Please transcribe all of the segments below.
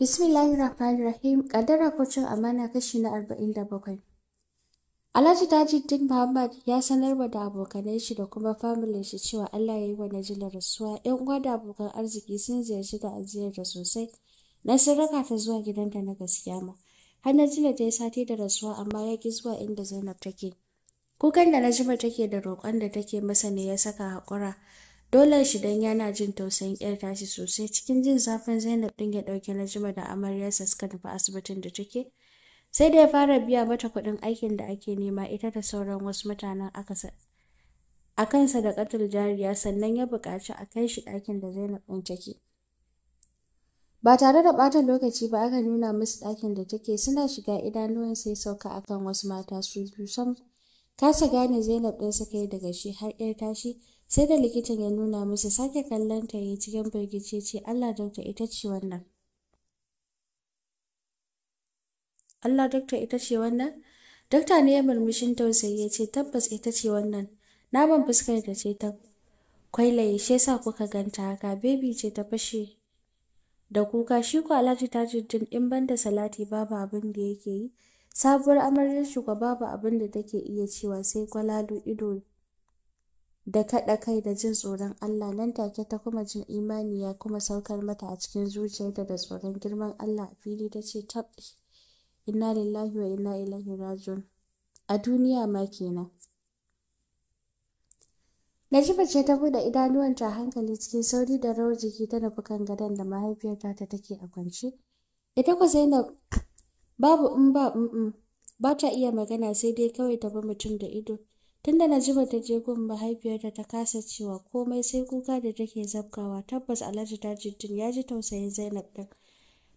Bismillahir Rahmanir Rahim kaddara ko amana kashi na 47. Alhaji Din Muhammad ya sanarwa da abokanai shi da kuma family shi cewa Allah ya yi wa Najila rasuwa. Yan uwa da abokan arziki sun ziyarci da ajiyar da sosai. Na sun raka ta zuwa gidanta na gaskiya ma. Har Najila ta yi sati da rasuwa amma ya ki zuwa inda Zainab take. Kukan da Najima take da roƙon da take masa ne ya saka haƙura Dole shi dan yana jin tausayin yar tashi sosai cikin jin zafin Zainab din ya na Najma da amaryarsa suka tafi asibitin da take. Sai da ya fara biya mata kuɗin aikin da ake nema ita da sauran wasu mutanen a kansa da katil jariya sannan ya buƙaci a kai shi ɗakin da Zainab ɗin take. Ba tare da ɓata lokaci ba aka nuna musu ɗakin da take suna shiga idanuwan sai sauka akan wasu mata su biyu sam. Kasa gane Zainab din suka yi daga shi har 'yar tashi sai da likitan ya nuna musu sake kallon ta yi cikin birgice ce allah dokta ita ce wannan allah dokta ita ce wannan dokta ne ya murmushin tausayi ya ce tabbas ita ce wannan naman fuskar da ce ta kwailaye shi yasa kuka ganta haka bebi ce ta fashe da kuka shi ko alhaji jirgin in ban da salati babu abin da yake yi sabuwar amaryar shugaba babu abin da take iya cewa sai kwalalu ido da kaɗa kai da jin tsoron Allah nan take ta kuma jin imani ya kuma saukar mata a cikin zuciyarta da tsoron girman Allah a fili ta ce tab inna lillahi wa inna ilaihi rajiun a duniya ma kenan Najiba ce ta bude idanuwanta hankali cikin sauri da rawar jiki ta nufi kan gadon da mahaifiyarta ta take a kwance ita ku Zainab babu in ba ba ta iya magana sai dai kawai ta bi mutum da ido tunda Najiba ta ta je gun mahaifiyarta ta kasa cewa komai sai kuka da take zabkawa tabbas alhaji tajuddin ya ji tausayin zainab din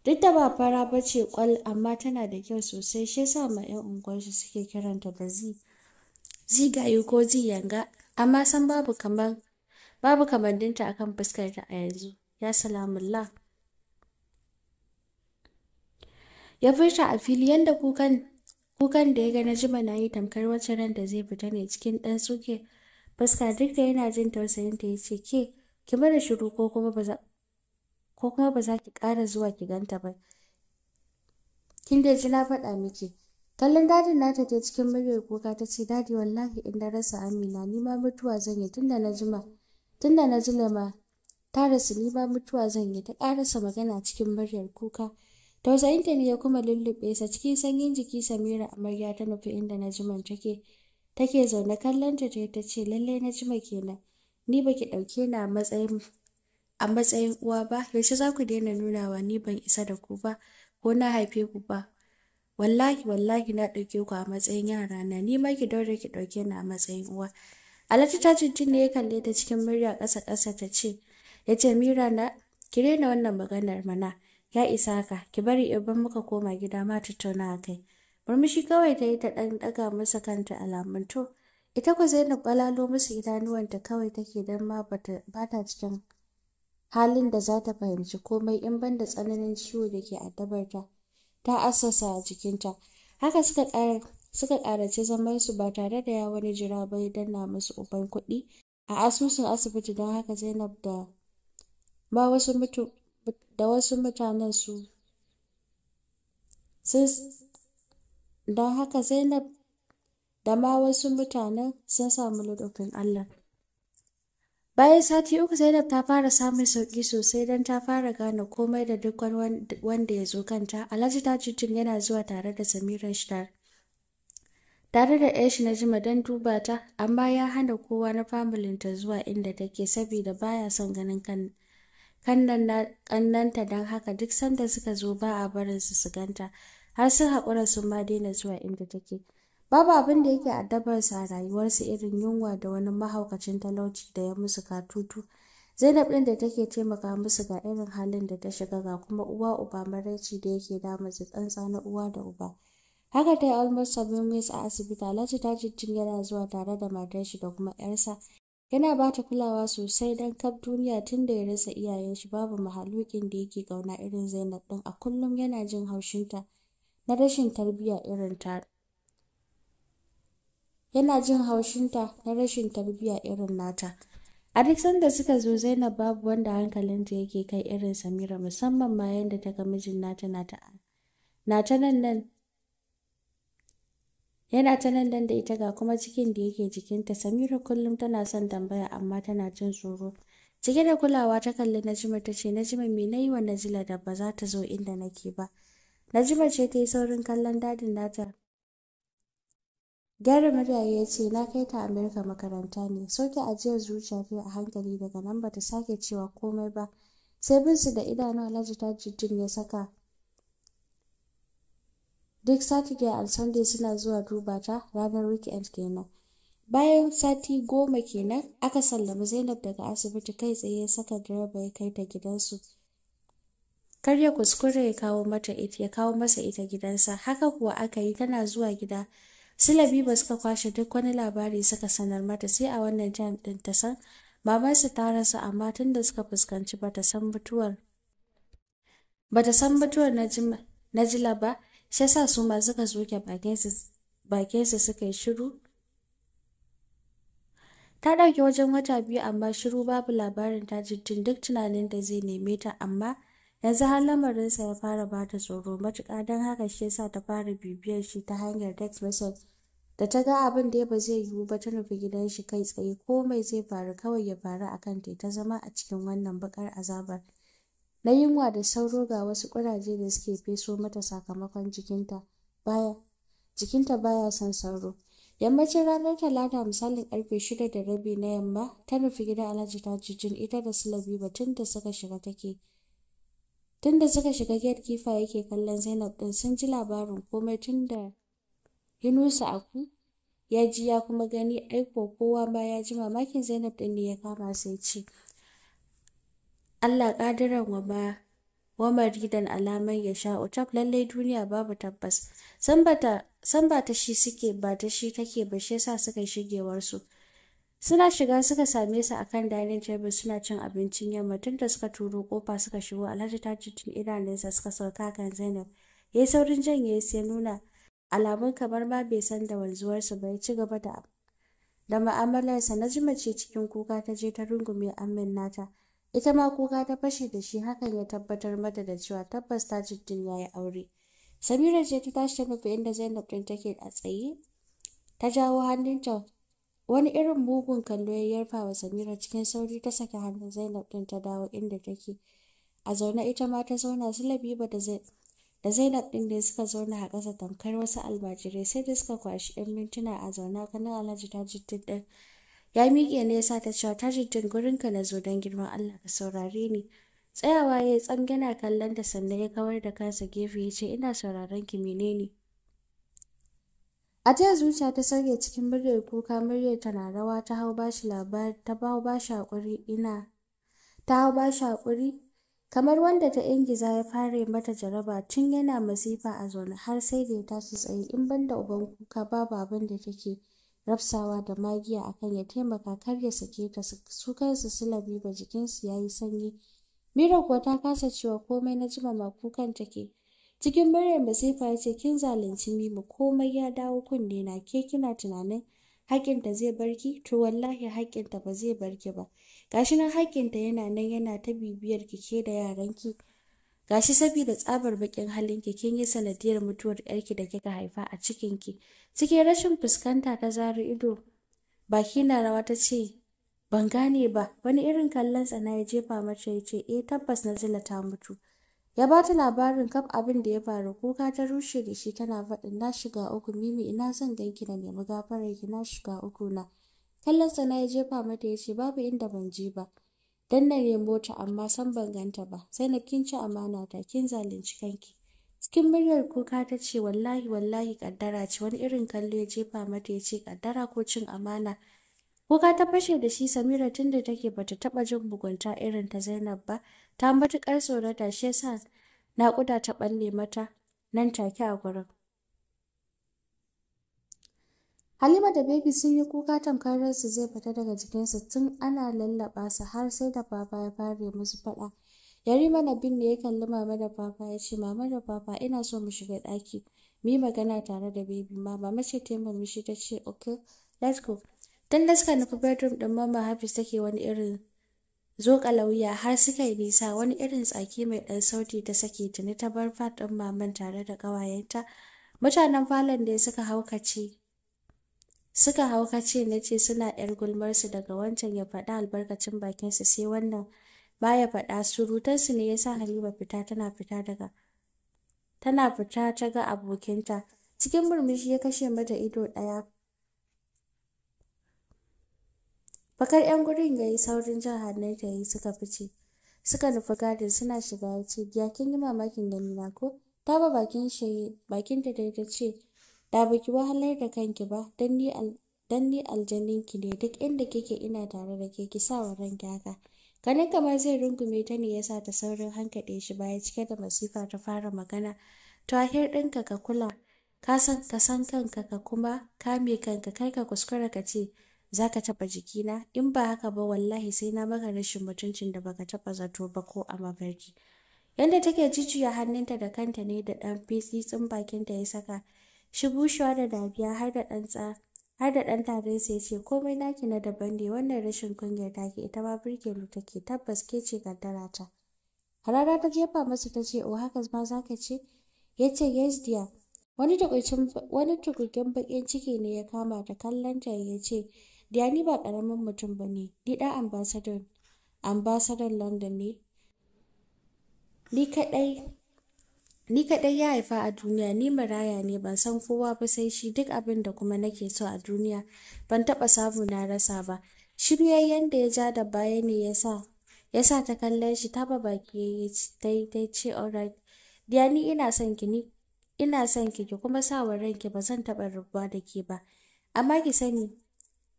duk da ba fara ba ce kwal amma tana da kyau sosai shi yasa ma yan shi suke kiranta da zi zigayu ko ziyanga amma san babu kaman babu akan fuskarta a yanzu ya salamullah ya furta a fili yanda kukan kukan da ya ga jima na yi tamkar wacce ran da zai fita ne cikin ɗan suke fuska duk da yana jin tausayin ta ya ce ke ki mara shiru ko kuma ba za ki ƙara zuwa ki ganta ba kin da ji na faɗa miki kallon dadin nata ta cikin muryar kuka ta ce dadi wallahi in na rasa amina ni ma mutuwa zan yi tunda na jima tunda na jima ta rasu ni ma mutuwa zan yi ta ƙarasa magana cikin muryar kuka Tausayinta ne ya kuma lullube sa cikin sanyin jiki Samira amarya ta nufi inda Najiman take take zaune kallon ta ta ce lalle Najima kenan ni baki dauke na matsayin a matsayin uwa ba yaushe za ku daina nunawa ni ban isa da ku ba ko na haife ku ba wallahi wallahi na dauke ku a matsayin yara na ni ma ki daure ki dauke na a matsayin uwa Alhaji ta ne ya kalle ta cikin murya kasa kasa ta ce ya Mira na ki daina wannan maganar mana ya isa ka ki bari idan muka koma gida ma tattauna kai murmushi kawai ta yi ta ɗan ɗaga masa kanta alamun to ita ku zainab ƙwalalo musu idanuwanta kawai take don ma ba ta cikin halin da za ta fahimci komai in banda tsananin ciwo da ke addabarta ta assasa a jikinta haka suka ƙara suka zaman su ba tare da ya wani jira ba ya danna musu uban kuɗi a asusun asibiti don haka zainab da ba wasu mutu da wasu mutanen su don haka Zainab da ma wasu mutanen sun samu ludofin Allah. Bayan sati uku Zainab ta fara samun sauƙi sosai don ta fara gane komai da duk wanda ya zo kanta. Alhaji Tajuddin yana zuwa tare da samira Shtar. Tare da ‘yar shi na jima don duba ta, amma ya hana kowa na ta zuwa inda take saboda baya son ganin kan kannanta don haka duk sanda suka zo ba a barin su su ganta har sun haƙura sun ma daina zuwa inda take babu abin da yake sa a rayuwarsu irin yunwa da wani mahaukacin talauci da ya musu katutu zainab ɗin da take taimaka musu ga irin halin da ta shiga ga kuma uwa uba maraici da yake da su tsantsa na uwa da uba haka ta yi almost seven weeks a asibiti alhaji ta jijjin yana zuwa tare da matar shi da kuma yarsa Yana ba ta kulawa sosai don kaf duniya tun da ya rasa iyayen shi babu mahalukin da yake kauna irin Zainab din a kullum yana jin haushinta na rashin tarbiyya irin ta yana jin haushinta na rashin tarbiya irin nata. A duk sanda suka zo Zainab babu wanda hankalinta yake kai irin Samira musamman ma yadda ta ga mijin nata na ta nan nan yana ta nan da ita ga kuma cikin da yake jikinta samira kullum tana son tambaya amma tana jin tsoro cike da kulawa ta kalli najima ta ce najima me na yi wa najila da ba za ta zo inda nake ba najima ce ta yi saurin kallon dadin nata gyara murya ya ce na kai ta amurka makaranta ne soke ajiyar zuciya ta a hankali daga nan ba ta sake cewa komai ba sai bin su da idanu alhaji ta jijjin ya saka duk saturday and sunday suna zuwa duba ta ranar weekend kenan bayan sati goma kenan aka sallami zainab daga asibiti kai tsaye saka direba ya kai ta gidansu kar ya kuskure ya kawo mata ita ya kawo masa ita gidansa haka kuwa aka yi tana zuwa gida silabi ba suka kwashe duk wani labari suka sanar mata sai a wannan jam din ta san mamansu ta rasa amma tun da suka fuskanci bata san mutuwar na jila ba shi yasa su ma suka soke bakin su suka yi shiru ta ɗauki wajen wata biyu amma shiru babu labarin ta jittin duk tunanin da zai neme ta amma yanzu har lamarinsa ya fara ba ta tsoro matuƙa don haka shi yasa ta fara bibiyar shi ta hanyar text message da ta ga abin da ba zai yiwu ba ta nufi gidan shi kai tsaye komai zai faru kawai ya faru a kanta ta zama a cikin wannan bakar azabar na yunwa da sauro ga wasu kuraje da suke feso mata sakamakon jikinta baya jikinta baya son sauro yammacin ranar talata misalin karfe shida da rabi na yamma ta nufi gida alhaji tajijin ita da silabi da suka shiga take tun da suka shiga gate kifa yake kallon zainab din sun ji labarin komai tun da yunusa aku ya ji ya kuma gani aiko kowa ma ya ji mamakin zainab din ne ya kama sai ci. Allah ƙadiran wa ba wa maridan alamar ya sha utab lallai duniya babu tabbas san ba ta shi suke ba ta shi take ba shi yasa suka shigewar su suna shiga suka same su akan dining table suna cin abincin yamma tun da suka turo kofa suka shigo alhaji tun idanunsa suka sauka kan zainab ya yi saurin janye sai nuna alamun kamar ma bai san da wanzuwarsu ba ya ci gaba da da ma'amalarsa na jimace cikin kuka ta je ta rungume amin nata ita ma kuka ta fashe da shi hakan ya tabbatar mata da cewa tabbas ta jiddin ya yi aure samira ce ta tashi ta nufi inda zainab ɗin take a tsaye ta jawo hannunta wani irin mugun kallo ya yarfa wa samira cikin sauri ta saki hannun zainab din ta dawo inda take a zaune ita ma ta zauna su labiba da zai da zainab din da suka zauna a ƙasa tamkar wasu almajirai sai da suka kwashi 'yan mintuna a zauna kanin alhaji tajuddin ɗin ya miƙe ne ya ta cewa ta jijjin gurinka na zo don girman Allah ka saurare ni tsayawa ya yi tsam yana kallon da sannan ya kawar da kansa gefe ya ce ina sauraron ki menene a jiya zuciya ta sauke cikin muryar kuka muryar na rawa ta hau bashi labar ta hau bashi hakuri ina ta hau bashi hakuri kamar wanda ta ingiza ya fara mata jaraba tun yana masifa a zaune har sai da ya tashi tsaye in banda uban kuka babu abin da take rabsawa da magiya akan ya taimaka kar ya sake ta su kansu su labiba jikinsu ya yi sanyi mira kuwa ta kasa cewa komai na jima kukan take cikin muryar masifa ya ce kin zalunci mimu komai ya dawo kunne na ke kina tunanin ta zai barki to wallahi haƙinta ba zai barki ba gashi nan haƙinta yana nan yana ta bibiyar ki ke da yaranki gashi saboda tsabar bakin halin ki kin yi sanadiyar mutuwar yarki da kika haifa a cikin ki cikin rashin fuskanta ta zari ido baki na rawa ta ce ban gane ba wani irin kallon tsana ya jefa mata ya ce eh tabbas na zila ta mutu ya ba ta labarin kaf abin da ya faru kuka ta rushe da shi tana faɗin na shiga uku mimi ina zan ganki na nemi gafarar ki na shiga uku na kallon tsana ya jefa mata ya ce babu inda ban je ba dan na nemo ta amma san ban ganta ba zainab kin ci amana ta kin zalunci kanki cikin muryar kuka ta ce wallahi wallahi kaddara ce wani irin kallo ya jefa mata ya ce kaddara ko cin amana kuka ta fashe da shi samira tunda take bata taba jin bugunta irin ta zainab ba ta matukar tsorata shi yasa naƙuda ta balle mata nan take a gurin Halima da Baby sun yi kuka tamkar ransu zai fita daga jikinsu tun ana lallaba su har sai da Baba ya fara musu faɗa. mana bin ne ya kalli Mama da Baba ya ce, Mama da Baba ina so mu shiga ɗaki, mu magana tare da Baby ma. Mama ce ta mishi ta ce, Ok, let's go. Tun da suka nufi bedroom ɗin Mama Hafiz take wani irin zokalauya har suka yi nisa wani irin tsaki mai ɗan sauti ta sake tuni ta bar fat ɗin maman tare da ƙawayenta. Mutanen falon da suka haukace suka hau kace na ce suna yar gulmarsu daga wancan ya faɗi albarkacin bakinsu sai wannan baya faɗa surutarsu ne yasa halima fita tana fita daga tana fita ta ga abokinta cikin murmushi ya kashe mata ido ɗaya bakar yan gurin ya yi saurin jan hannun ta yi suka fice suka nufi gadin suna shiga ya ce ya kin yi mamakin ganina ko ta ba bakin shi ta ta ce da baki wahalar da kanki ba dan ni aljannin ki ne duk inda kike ina tare da ke ki sa wa haka ganin kamar zai rungume ta ne yasa ta saurin hankaɗe shi baya cike da masifa ta fara magana a ɗinka ka kula ka san ka san kanka ka kuma kame kanka kai ka kuskura ka ce za ka taɓa jikina in ba haka ba wallahi sai na maka rashin mutuncin da baka taɓa zato ba ko a mafarki yadda take jijiya hannunta da kanta ne da ɗan fitsitsin bakinta ya saka shi bushewa da dabiya har da ɗan har da ɗan sai ce komai naki na daban ne wannan rashin kungiyar take ita ma birke mu take tabbas ke ce kaddara ta harara ta jefa masa ta ce o oh, haka ma za ka ce ya ce yes dear wani tukurkin bakin ciki ne ya kama ta kallon ta ya ce diya ni ba karamin mutum ba ne ni ɗan ambasador ambasador london ne ni kaɗai Ni kaɗai ya haifa a duniya, ni maraya ne, ban san kowa ba sai shi duk abin da kuma nake so a duniya, ban taɓa samu na rasa ba. Shirya da ya ja da baya ne ya sa, ya sa ta kallon shi ta ba baki ya yi daidai ce alright. Diya ni ina son ki ni, ina son ki ki kuma sa wa ranki ba zan taɓa rabuwa da ke ba. Amma ki sani,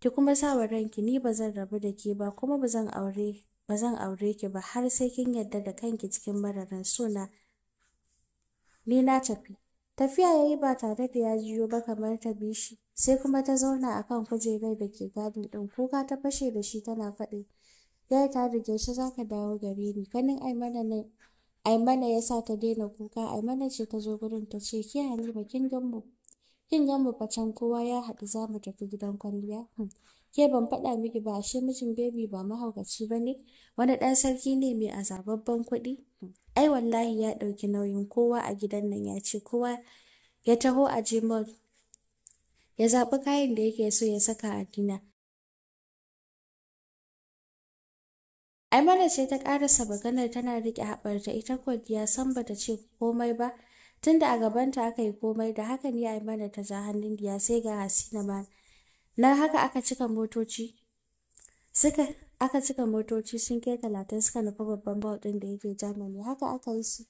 ki kuma sa wa ranki ni ba zan rabu da ke ba kuma ba zan aure, ki ba har sai kin yarda da kanki cikin mararin suna. ni na tafi tafiya ya yi ba tare da ya jiyo ba kamar ta bi shi sai kuma ta zauna a kan kujerar da ke gadin ɗin kuka ta fashe da shi tana faɗi yar ta rige shi za ka dawo gare ni kanin aimana ne aimana ya sa ta daina kuka aimana ce ta zo gurin ta ce ki halima kin gan mu kin gan mu kowa ya haɗu za mu tafi gidan kwalliya hmm. ke ban faɗa miki ba she mijin bebi ba mahaukaci ba ne wani ɗan sarki ne mai azababban kuɗi ai wallahi ya ɗauki nauyin kowa a gidan nan ya ce kowa ya taho a jimol ya zaɓi kayan da yake so ya saka a dina Aimara ce ta ƙarasa maganar tana riƙe haɓarta ita kwadiya san bata ce komai ba tunda a gabanta aka yi komai da hakan ya Aimara ta ja hannun diya sai ga Hasina ma na haka aka cika motoci suka aka cika motoci sun kai talatin suka nufi babban bal ɗin da yake germany haka aka yi su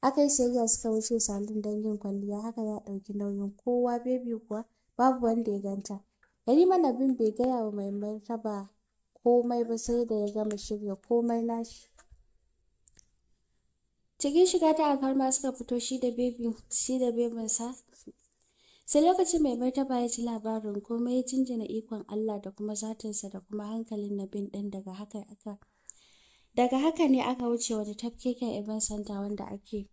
aka yi siyayya suka wuce salon don yin kwalliya haka ya ɗauki nauyin kowa bebi kuwa babu wanda ya ganta mana bin bai gaya wa mai martaba komai ba sai da ya gama shirya komai nashi cikin shiga ta alfarma suka fito shi da bebi shi da sa sai lokacin mai martaba ya ji labarin komai ya jinjina ikon Allah da kuma zatinsa da kuma hankalin bin ɗin daga haka aka daga haka ne aka wuce wata tafkeken iban santa wanda ake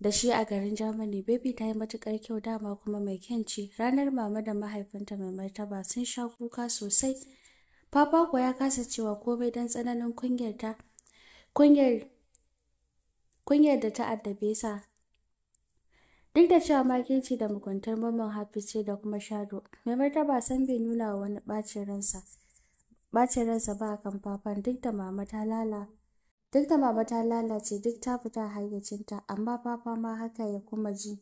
da shi a garin Germany baby ta yi matukar kyau dama kuma mai kyanci ranar mama da mahaifinta mai martaba sun sha kuka sosai papa kuwa ya kasa cewa komai don tsananin kunyar da ta addabe sa Duk da cewa makinci da mukuntar mamman hafi ce da kuma shado, mai martaba san bai nuna wa wani bacin ransa. ba ransa ba kan fafan duk da mama ta lala. Duk da mama ta lalace duk ta fita hayyacinta amma fafa ma haka ya kuma ji.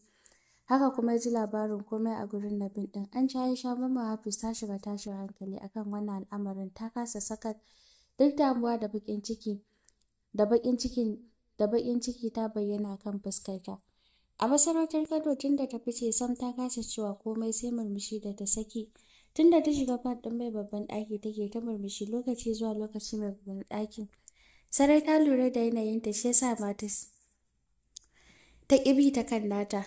Haka kuma ji labarin komai a gurin na bin ɗin. An ci sha mamman Hafiz ta shiga tashin hankali akan wannan al'amarin ta kasa saka duk damuwa da baƙin ciki da bakin ciki ta bayyana kan fuskarta. A masarautar Kano tunda ta fice sam ta kasa cewa komai sai murmushi da ta saki. Tunda ta shiga fat ɗin mai babban ɗaki take ta murmushi lokaci zuwa lokaci mai babban ɗakin. Sarai ta lura da yanayin yanayinta shi yasa ma ta kibi ta kan nata.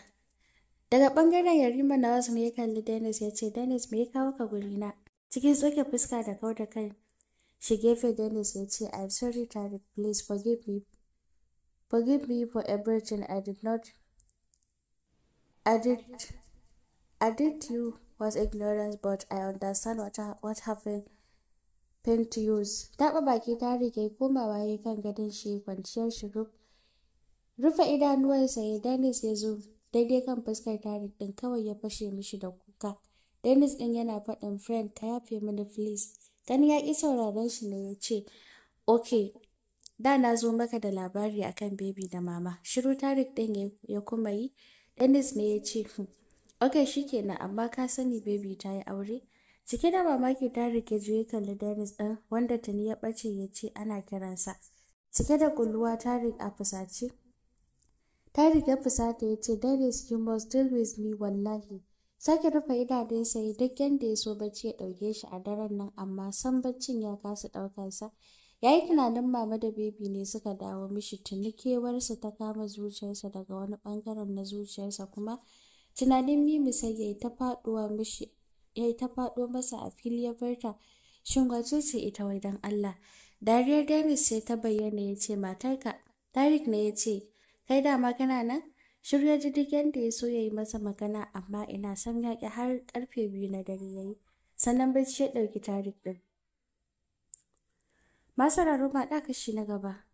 Daga ɓangaren Yarima na wasu ya kalli Dennis ya ce, Dennis me kawo ka guri na. Cikin tsoke fuska da kau da kai. Shi gefe Dennis ya ce, I'm sorry Tariq, please forgive me. Forgive me for everything I did not you was ignorant but I understand what, what happened to use. Taɓa baki ta rike komawa ya kan gadon shi kwanciyar shi rufe idanuwarsa ya Dennis ya zo daidai kan fuskar tarik ɗin kawai ya fashe mishi da kuka. Dennis ɗin yana faɗin friend ka yafe mini please. Gani ya ƙi sauraron shi ne ya ce, Ok, da na zo maka da labari akan baby da mama. Shiru tarik ɗin ya kuma yi, Dennis ne ya ce, Ok, shi kenan, amma ka sani baby ta yi aure? Cike da mamaki ta rike juye kalli Dennis ɗin wanda tani ya ɓace ya ce ana kiransa. Cike da kulluwa ta a fusace. Ta rike fusata ya ce, Dennis, you must deal with me wallahi. Sake rufe idanunsa ya duk yadda ya so bacci ya ɗauke shi a daren nan amma san baccin ya kasa ɗaukansa. ya yi tunanin mama da bebi ne suka dawo mishi tuni ta kama zuciyarsa daga wani bangaren na zuciyarsa kuma tunanin mimi sai ya yi ta faduwa masa a fili ya barta shin ce ita wai don Allah dariyar Dennis sai ta bayyana ya ce matarka Tarik ne ya ce kai da magana nan shirya duk ya so ya yi masa magana amma ina son yaƙi har karfe biyu na dare ya yi sannan bai ce ɗauki Tarik ɗin Masu sauraro ɗa kashi na gaba.